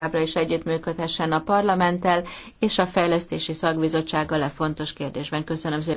továbbra is együttműködhessen a parlamenttel és a fejlesztési szakbizottsággal a e fontos kérdésben. Köszönöm szépen.